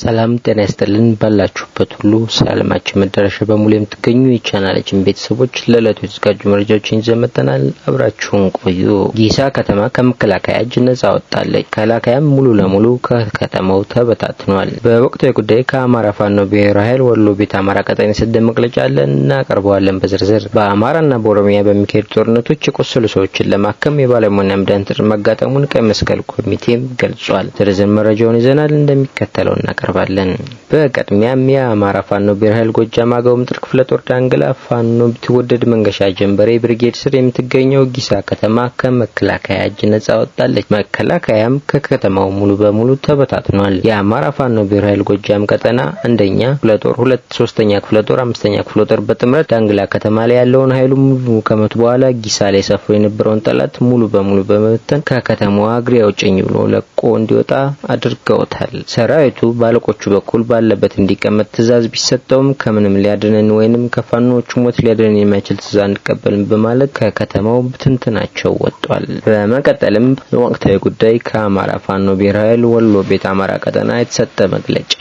ሰላም ጤና ይስጥልን ባላችሁበት ሁሉ ሰላማችን መዳረሻ በሙሉ የምትገኙ የቻናላችን ቤተሰቦች ለዕለቱ የተዘጋጁ መረጃዎችን ይዘን መጥተናል። አብራችሁን ቆዩ። ጊሳ ከተማ ከመከላከያ እጅ ነጻ ወጣለች። መከላከያም ሙሉ ለሙሉ ከከተማው ተበታትኗል። በወቅታዊ ጉዳይ ከአማራ ፋኖ ብሔራዊ ኃይል ወሎ ቤት አማራ ቀጠና የሰደ መግለጫ አለ እናቀርበዋለን በዝርዝር በአማራና በኦሮሚያ በሚካሄዱ ጦርነቶች የቆሰሉ ሰዎችን ለማከም የባለሙያና መድኃኒት መጋጠሙን ቀይ መስቀል ኮሚቴም ገልጿል። ዝርዝር መረጃውን ይዘናል እንደሚከተለው እናቀርባለን። በቅድሚያም የአማራ ፋኖ ብሔር ኃይል ጎጃም አገው ምድር ክፍለ ጦር ዳንግላ ፋኖ ብትወደድ መንገሻ ጀንበሬ ብርጌድ ስር የምትገኘው ጊሳ ከተማ ከመከላከያ እጅ ነጻ ወጣለች። መከላከያም ከከተማው ሙሉ በሙሉ ተበታትኗል። የአማራ ፋኖ ብሔር ኃይል ጎጃም ቀጠና አንደኛ ክፍለ ጦር ሁለት ሶስተኛ ክፍለ ጦር አምስተኛ ክፍለ ጦር በጥምረት ዳንግላ ከተማ ላይ ያለውን ኃይሉ ሙሉ ከመቱ በኋላ ጊሳ ላይ ሰፍሮ የነበረውን ጠላት ሙሉ በሙሉ በመበተን ከከተማዋ እግሬ አውጭኝ ብሎ ለቆ እንዲወጣ አድርገውታል። ሰራዊቱ በአለቆቹ በኩል ባለበት እንዲቀመጥ ትዛዝ ቢሰጠውም ከምንም ሊያድነን ወይንም ከፋኖቹ ሞት ሊያድነን የማይችል ትዕዛዝ አንቀበልም በማለት ከከተማው ብትንትናቸው ወጥቷል። በመቀጠልም ወቅታዊ ጉዳይ ከአማራ ፋኖ ብሔራዊ ኃይል ወሎ ቤት አማራ ቀጠና የተሰጠ መግለጫ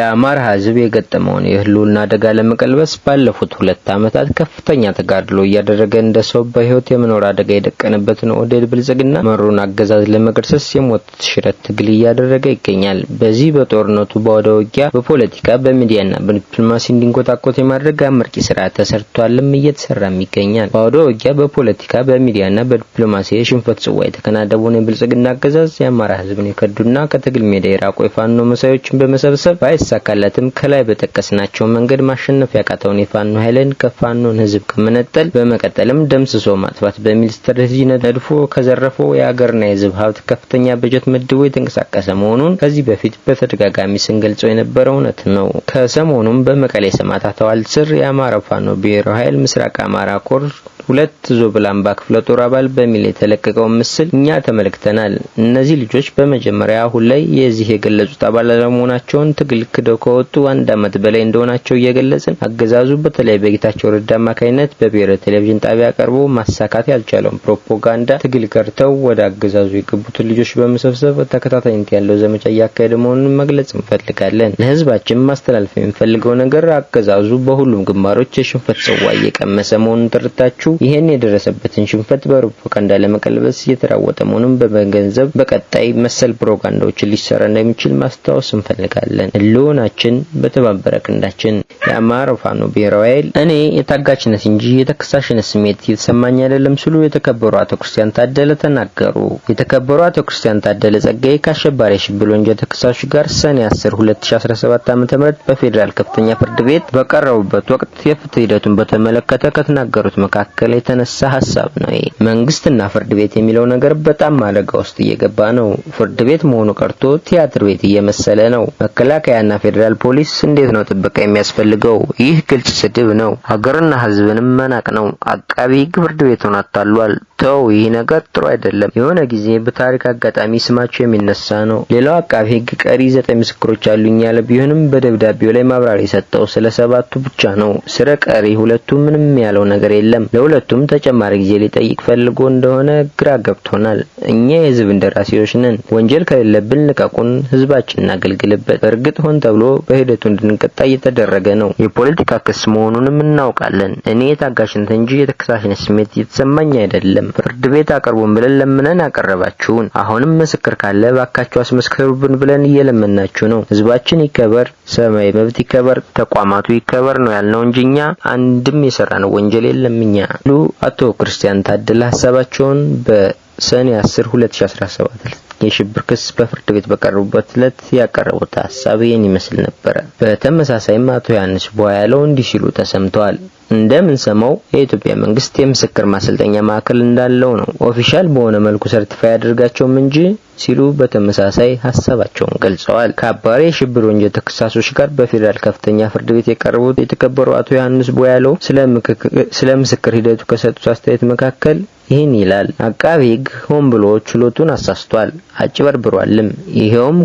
የአማራ ህዝብ የገጠመውን የህልውና አደጋ ለመቀልበስ ባለፉት ሁለት ዓመታት ከፍተኛ ተጋድሎ እያደረገ እንደ ሰው በህይወት የመኖር አደጋ የደቀነበትን ኦህዴድ ብልጽግና መሩን አገዛዝ ለመገርሰስ የሞት ሽረት ትግል እያደረገ ይገኛል። በዚህ በጦርነቱ በአውደ ውጊያ በፖለቲካ በሚዲያና በዲፕሎማሲ እንዲንኮታኮት የማድረግ አመርቂ ስራ ተሰርቷልም እየተሰራም ይገኛል። በአውደ ውጊያ በፖለቲካ በሚዲያና በዲፕሎማሲ የሽንፈት ጽዋ የተከናደቡን የብልጽግና አገዛዝ የአማራ ህዝብን የከዱና ከትግል ሜዳ የራቁ የፋኖ መሳዮችን በመሰብሰብ ባይሳካለትም ከላይ በጠቀስናቸው መንገድ ማሸነፍ ያቃተውን የፋኖ ኃይልን ከፋኖን ህዝብ ከመነጠል በመቀጠልም ደምስሶ ማጥፋት በሚል ስትራቴጂ ነድፎ ከዘረፈው የሀገርና የህዝብ ሀብት ከፍተኛ በጀት መድቦ የተንቀሳቀሰ መሆኑን ከዚህ በፊት በፊት በተደጋጋሚ ስንገልጸው የነበረው እውነት ነው። ከሰሞኑም በመቀሌ ሰማዕታት ሐውልት ስር የአማራ ፋኖ ብሔራዊ ኃይል ምስራቅ አማራ ኮር ሁለት ዞብላምባ ክፍለ ጦር አባል በሚል የተለቀቀውን ምስል እኛ ተመልክተናል። እነዚህ ልጆች በመጀመሪያ አሁን ላይ የዚህ የገለጹት አባል አለመሆናቸውን ትግል ክደው ከወጡ አንድ አመት በላይ እንደሆናቸው እየገለጽን አገዛዙ በተለይ በጌታቸው ረዳ አማካኝነት በብሔራዊ ቴሌቪዥን ጣቢያ ቀርቦ ማሳካት ያልቻለውን ፕሮፓጋንዳ ትግል ከርተው ወደ አገዛዙ የገቡትን ልጆች በመሰብሰብ ተከታታይነት ያለው ዘመቻ እያካሄደ መሆኑን መግለጽ እንፈልጋለን። ለህዝባችን ማስተላለፍ የሚፈልገው ነገር አገዛዙ በሁሉም ግንባሮች የሽንፈት ጽዋ እየቀመሰ መሆኑን ተረድታችሁ ይህን የደረሰበትን ሽንፈት በፕሮፓጋንዳ ለመቀልበስ እየተራወጠ መሆኑን በመገንዘብ በቀጣይ መሰል ፕሮፓጋንዳዎችን ሊሰራ እንደሚችል ማስታወስ እንፈልጋለን። ህልውናችን በተባበረ ክንዳችን። የአማራ ፋኖ ብሔራዊ ኃይል እኔ የታጋችነት እንጂ የተከሳሽነት ስሜት እየተሰማኝ አይደለም ሲሉ የተከበሩ አቶ ክርስቲያን ታደለ ተናገሩ። የተከበሩ አቶ ክርስቲያን ታደለ ጸጋዬ ከአሸባሪ ሽብር ወንጀል ተከሳሾች ጋር ሰኔ 10 2017 ዓ.ም በፌዴራል ከፍተኛ ፍርድ ቤት በቀረቡበት ወቅት የፍትህ ሂደቱን በተመለከተ ከተናገሩት መካከል መካከል የተነሳ ሀሳብ ነው። መንግስትና ፍርድ ቤት የሚለው ነገር በጣም አደጋ ውስጥ እየገባ ነው። ፍርድ ቤት መሆኑ ቀርቶ ቲያትር ቤት እየመሰለ ነው። መከላከያና ፌዴራል ፖሊስ እንዴት ነው ጥበቃ የሚያስፈልገው? ይህ ግልጽ ስድብ ነው። ሀገርና ህዝብንም መናቅ ነው። አቃቢ ህግ ፍርድ ቤቱን አታሏል። ተው፣ ይህ ነገር ጥሩ አይደለም። የሆነ ጊዜ በታሪክ አጋጣሚ ስማቸው የሚነሳ ነው። ሌላው አቃቢ ህግ ቀሪ ዘጠኝ ምስክሮች አሉኝ ያለ ቢሆንም በደብዳቤው ላይ ማብራሪያ የሰጠው ስለ ሰባቱ ብቻ ነው። ስለ ቀሪ ሁለቱ ምንም ያለው ነገር የለም። ሁለቱም ተጨማሪ ጊዜ ሊጠይቅ ፈልጎ እንደሆነ ግራ ገብቶናል። እኛ የህዝብ እንደራሴዎች ነን። ወንጀል ከሌለብን ልቀቁን፣ ህዝባችን እናገልግልበት። እርግጥ ሆን ተብሎ በሂደቱ እንድንቀጣ እየተደረገ ነው። የፖለቲካ ክስ መሆኑንም እናውቃለን። እኔ የታጋሽነት እንጂ የተከሳሽነት ስሜት እየተሰማኝ አይደለም። ፍርድ ቤት አቅርቡን ብለን ለምነን አቀረባችሁን። አሁንም ምስክር ካለ ባካችሁ አስመስክሩብን ብለን እየለመናችሁ ነው። ህዝባችን ይከበር፣ ሰማይ መብት ይከበር፣ ተቋማቱ ይከበር ነው ያልነው እንጂ እኛ አንድም የሰራ ነው ወንጀል የለም እኛ ሉ አቶ ክርስቲያን ታደለ ሀሳባቸውን በሰኔ 10 2017 የሽብር ክስ በፍርድ ቤት በቀረቡበት ዕለት ያቀረቡት ሀሳብ ይህን ይመስል ነበረ። በተመሳሳይም አቶ ዮሐንስ ቧ ያለው እንዲህ ሲሉ ተሰምተዋል። እንደምንሰማው የኢትዮጵያ መንግስት የምስክር ማሰልጠኛ ማዕከል እንዳለው ነው ኦፊሻል በሆነ መልኩ ሰርቲፋይ አድርጋቸውም እንጂ ሲሉ በተመሳሳይ ሀሳባቸውን ገልጸዋል። ከአባሪ የሽብር ወንጀል ተከሳሾች ጋር በፌዴራል ከፍተኛ ፍርድ ቤት የቀረቡት የተከበሩ አቶ ዮሐንስ ቦያሎ ስለ ምስክር ሂደቱ ከሰጡት አስተያየት መካከል ይህን ይላል። አቃቢ ሕግ ሆን ብሎ ችሎቱን አሳስቷል አጭበርብሯልም። ይሄውም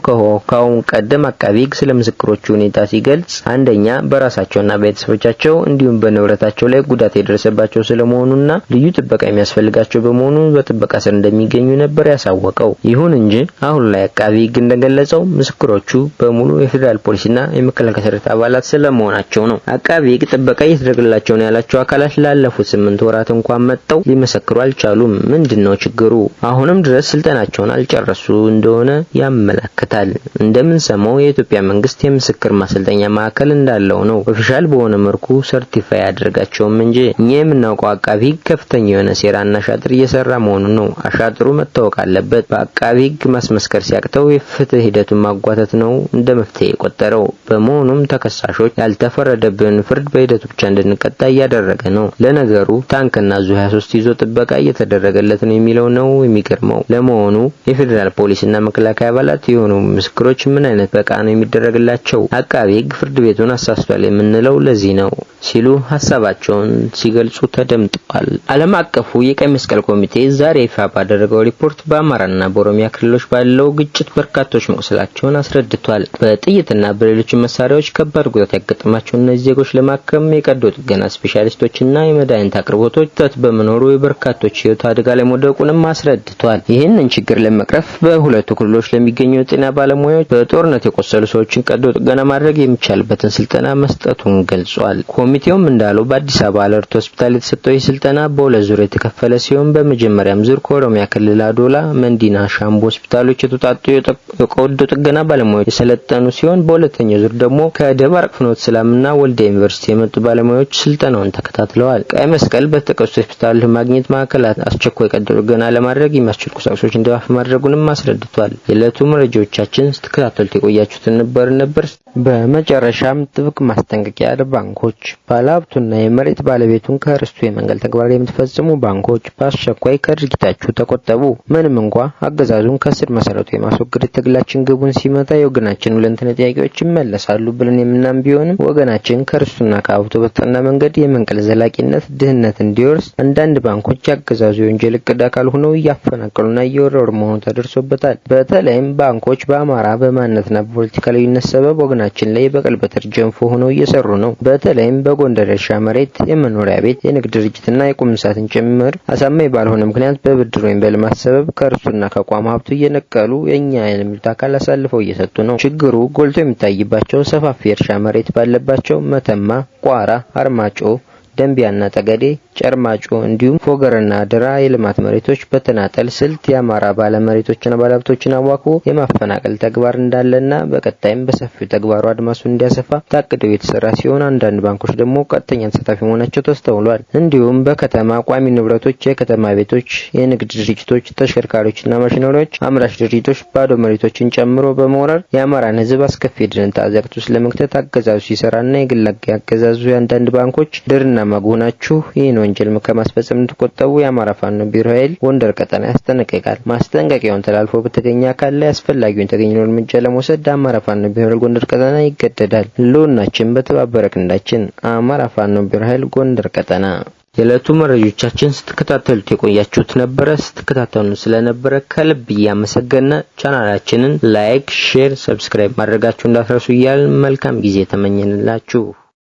ከአሁን ቀደም አቃቢ ሕግ ስለ ምስክሮቹ ሁኔታ ሲገልጽ አንደኛ በራሳቸውና ቤተሰቦቻቸው እንዲሁም በንብረታቸው ላይ ጉዳት የደረሰባቸው ስለመሆኑና ልዩ ጥበቃ የሚያስፈልጋቸው በመሆኑ በጥበቃ ስር እንደሚገኙ ነበር ያሳወቀው። ይሁን እንጂ አሁን ላይ አቃቢ ሕግ እንደገለጸው ምስክሮቹ በሙሉ የፌዴራል ፖሊስና የመከላከያ ሰራዊት አባላት ስለመሆናቸው ነው። አቃቢ ሕግ ጥበቃ እየተደረገላቸው ነው ያላቸው አካላት ላለፉት ስምንት ወራት እንኳን መጥተው ሊመሰክሯል አልቻሉም። ምንድን ነው ችግሩ? አሁንም ድረስ ስልጠናቸውን አልጨረሱ እንደሆነ ያመለክታል። እንደምንሰማው የኢትዮጵያ መንግስት የምስክር ማሰልጠኛ ማዕከል እንዳለው ነው ኦፊሻል በሆነ መልኩ ሰርቲፋይ አያደርጋቸውም እንጂ እኛ የምናውቀው አቃቢ ህግ ከፍተኛ የሆነ ሴራና አሻጥር እየሰራ መሆኑን ነው። አሻጥሩ መታወቅ አለበት። በአቃቢ ህግ ማስመስከር ሲያቅተው የፍትህ ሂደቱን ማጓተት ነው እንደ መፍትሄ የቆጠረው። በመሆኑም ተከሳሾች ያልተፈረደብን ፍርድ በሂደቱ ብቻ እንድንቀጣ እያደረገ ነው። ለነገሩ ታንክና ዙ 23 ይዞ ጥበቃ እየተደረገለት ነው የሚለው ነው የሚገርመው። ለመሆኑ የፌዴራል ፖሊስና መከላከያ አባላት የሆኑ ምስክሮች ምን አይነት በቃ ነው የሚደረግላቸው? አቃቤ ግፍርድ ፍርድ ቤቱን አሳስቷል የምንለው ለዚህ ነው ሲሉ ሀሳባቸውን ሲገልጹ ተደምጠዋል። ዓለም አቀፉ የቀይ መስቀል ኮሚቴ ዛሬ ይፋ ባደረገው ሪፖርት በአማራና በኦሮሚያ ክልሎች ባለው ግጭት በርካቶች መቁሰላቸውን አስረድቷል። በጥይትና በሌሎች መሳሪያዎች ከባድ ጉዳት ያጋጠማቸው እነዚህ ዜጎች ለማከም የቀዶ ጥገና ስፔሻሊስቶችና የመድኃኒት አቅርቦቶች እጥረት በመኖሩ የበርካቶ ወጣቶች ህይወት አደጋ ላይ መውደቁንም አስረድቷል። ይህንን ችግር ለመቅረፍ በሁለቱ ክልሎች ለሚገኙ የጤና ባለሙያዎች በጦርነት የቆሰሉ ሰዎችን ቀዶ ጥገና ማድረግ የሚቻልበትን ስልጠና መስጠቱን ገልጿል። ኮሚቴውም እንዳለው በአዲስ አበባ አለርት ሆስፒታል የተሰጠው ይህ ስልጠና በሁለት ዙር የተከፈለ ሲሆን በመጀመሪያም ዙር ከኦሮሚያ ክልል አዶላ፣ መንዲና ሻምቦ ሆስፒታሎች የተውጣጡ የቀዶ ጥገና ባለሙያዎች የሰለጠኑ ሲሆን በሁለተኛው ዙር ደግሞ ከደባርቅ ፍኖተ ሰላምና ወልዲያ ዩኒቨርሲቲ የመጡ ባለሙያዎች ስልጠናውን ተከታትለዋል። ቀይ መስቀል በተጠቀሱት ሆስፒታል ማግኘት ማዕከል መካከል አስቸኳይ ቀዶ ጥገና ለማድረግ የሚያስችል ቁሳቁሶች እንዲማፍ ማድረጉንም አስረድቷል። የዕለቱ መረጃዎቻችን ስትከታተሉት የቆያችሁትን ነበር ነበር። በመጨረሻም ጥብቅ ማስጠንቀቂያ ባንኮች ባለሀብቱና የመሬት ባለቤቱን ከርስቱ የመንገል ተግባር የምትፈጽሙ ባንኮች በአስቸኳይ ከድርጊታችሁ ተቆጠቡ። ምንም እንኳ አገዛዙን ከስር መሰረቱ የማስወገድ ትግላችን ግቡን ሲመታ የወገናችን ሁለንተና ጥያቄዎች ይመለሳሉ ብለን የምናም ቢሆንም ወገናችን ከርስቱና ከሀብቱ በተጠና መንገድ የመንቀል ዘላቂነት ድህነት እንዲወርስ አንዳንድ ባንኮች የአገዛዙ የወንጀል እቅድ አካል ሆነው እያፈናቀሉና እየወረሩ መሆኑ ተደርሶበታል። በተለይም ባንኮች በአማራ በማንነትና በፖለቲካ ልዩነት ሰበብ ወገናችን ላይ በቀል በትር ጀንፎ ሆነው እየሰሩ ነው። በተለይም በጎንደር እርሻ መሬት፣ የመኖሪያ ቤት፣ የንግድ ድርጅትና የቁም ሰዓትን ጭምር አሳማኝ ባልሆነ ምክንያት በብድር ወይም በልማት ሰበብ ከእርሱና ከቋም ሀብቱ እየነቀሉ የእኛ የሚሉት አካል አሳልፈው እየሰጡ ነው። ችግሩ ጎልቶ የሚታይባቸው ሰፋፊ የእርሻ መሬት ባለባቸው መተማ፣ ቋራ፣ አርማጮ ደንቢያና ጠገዴ፣ ጨርማጮ እንዲሁም ፎገርና ድራ የልማት መሬቶች በተናጠል ስልት የአማራ ባለመሬቶችና ባለሀብቶችን አዋክቦ የማፈናቀል ተግባር እንዳለና በቀጣይም በሰፊው ተግባሩ አድማሱ እንዲያሰፋ ታቅዶ የተሰራ ሲሆን አንዳንድ ባንኮች ደግሞ ቀጥተኛ ተሳታፊ መሆናቸው ተስተውሏል። እንዲሁም በከተማ ቋሚ ንብረቶች፣ የከተማ ቤቶች፣ የንግድ ድርጅቶች፣ ተሽከርካሪዎችና ማሽነሪዎች አምራች ድርጅቶች ባዶ መሬቶችን ጨምሮ በመውረር የአማራን ህዝብ አስከፊ ድህነት አዘቅት ውስጥ ለመክተት አገዛዙ ሲሰራና የግል አገዛዙ የአንዳንድ ባንኮች ድርና መሆናችሁ ይህን ወንጀል ከማስፈጸም እንድትቆጠቡ የአማራ ፋኖ ቢሮ ኃይል ጎንደር ቀጠና ያስጠነቅቃል። ማስጠንቀቂያውን ተላልፎ በተገኘ አካል ላይ አስፈላጊውን የተገኘውን እርምጃ ለመውሰድ አማራ ፋኖ ቢሮ ኃይል ጎንደር ቀጠና ይገደዳል። ህልውናችን በተባበረ ክንዳችን። አማራ ፋኖ ቢሮ ኃይል ጎንደር ቀጠና። የዕለቱ መረጃዎቻችን ስትከታተሉት የቆያችሁት ነበረ። ስትከታተሉን ስለነበረ ከልብ እያመሰገነ ቻናላችንን ላይክ፣ ሼር፣ ሰብስክራይብ ማድረጋችሁ እንዳትረሱ እያልን መልካም ጊዜ ተመኘንላችሁ።